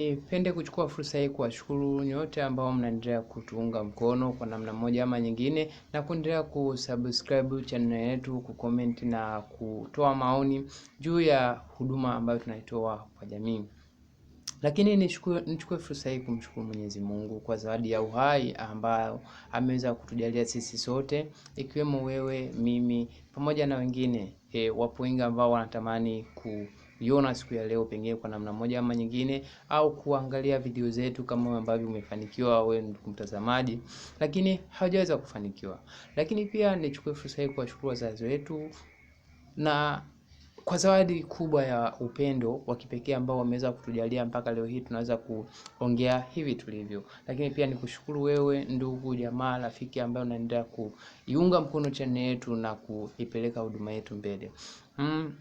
Nipende kuchukua fursa hii kuwashukuru nyote ambao mnaendelea kutuunga mkono kwa namna moja ama nyingine na kuendelea kusubscribe channel yetu, kucomment na kutoa maoni juu ya huduma ambayo tunaitoa kwa jamii. Lakini nichukue fursa hii kumshukuru Mwenyezi Mungu kwa zawadi ya uhai ambayo ameweza kutujalia sisi sote, ikiwemo wewe, mimi pamoja na wengine e, eh, wapo wengi ambao wanatamani ku kuiona siku ya leo, pengine kwa namna moja ama nyingine, au kuangalia video zetu kama ambavyo umefanikiwa wewe ndugu mtazamaji, lakini hawajaweza kufanikiwa. Lakini pia nichukue fursa hii kuwashukuru wazazi wetu na kwa zawadi kubwa ya upendo wa kipekee ambao wameweza kutujalia mpaka leo hii tunaweza kuongea hivi tulivyo. Lakini pia nikushukuru wewe ndugu, jamaa, rafiki ambaye unaendelea kuiunga mkono chaneli yetu na kuipeleka huduma yetu mbele. Mm.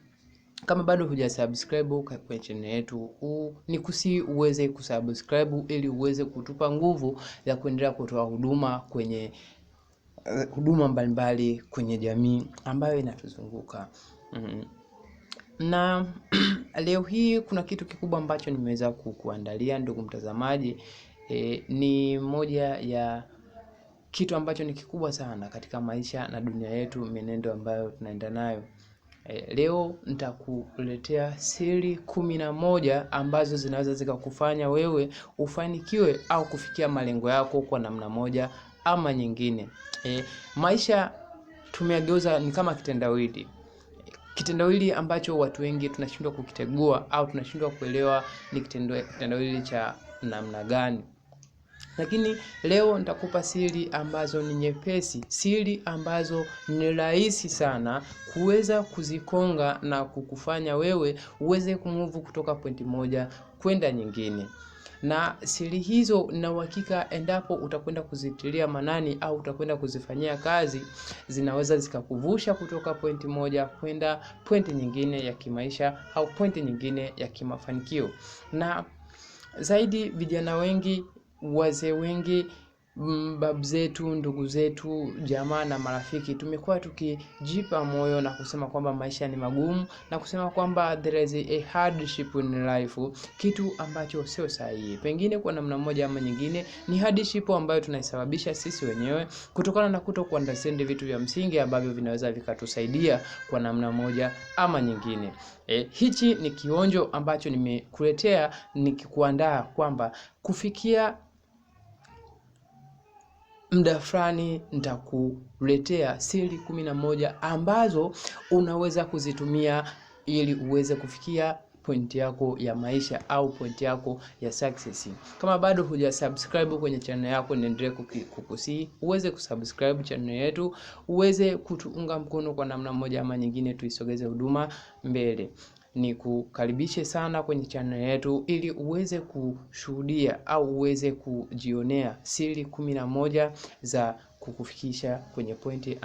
Kama bado hujasubscribe kwenye channel yetu huu, ni kusi uweze kusubscribe ili uweze kutupa nguvu ya kuendelea kutoa huduma kwenye eh, huduma mbalimbali kwenye jamii ambayo inatuzunguka mm. Na leo hii kuna kitu kikubwa ambacho nimeweza kukuandalia ndugu mtazamaji. E, ni moja ya kitu ambacho ni kikubwa sana katika maisha na dunia yetu, mienendo ambayo tunaenda nayo. Eh, leo nitakuletea siri kumi na moja ambazo zinaweza zikakufanya wewe ufanikiwe au kufikia malengo yako kwa namna moja ama nyingine. E, maisha tumeageuza ni kama kitendawili. Kitendawili ambacho watu wengi tunashindwa kukitegua au tunashindwa kuelewa ni kitendawili cha namna gani. Lakini leo nitakupa siri ambazo ni nyepesi, siri ambazo ni rahisi sana kuweza kuzikonga na kukufanya wewe uweze kumuvu kutoka pointi moja kwenda nyingine na siri hizo na uhakika, endapo utakwenda kuzitilia manani au utakwenda kuzifanyia kazi, zinaweza zikakuvusha kutoka pointi moja kwenda pointi nyingine ya kimaisha au pointi nyingine ya kimafanikio. Na zaidi vijana wengi wazee wengi mm, babu zetu, ndugu zetu, jamaa na marafiki tumekuwa tukijipa moyo na kusema kwamba maisha ni magumu na kusema kwamba there is a hardship in life, kitu ambacho sio sahihi. Pengine kwa namna moja ama nyingine ni hardship ambayo tunaisababisha sisi wenyewe kutokana na kuto kuunderstand vitu vya msingi ambavyo vinaweza vikatusaidia kwa namna moja ama nyingine. E, hichi ni kionjo ambacho nimekuletea nikikuandaa kwamba kufikia muda fulani nitakuletea siri kumi na moja ambazo unaweza kuzitumia ili uweze kufikia pointi yako ya maisha au pointi yako ya success. Kama bado hujasubscribe kwenye channel yako, niendelee kukusii uweze kusubscribe channel yetu, uweze kutuunga mkono kwa namna moja ama nyingine, tuisogeze huduma mbele ni kukaribishe sana kwenye channel yetu ili uweze kushuhudia au uweze kujionea siri kumi na moja za kukufikisha kwenye pointi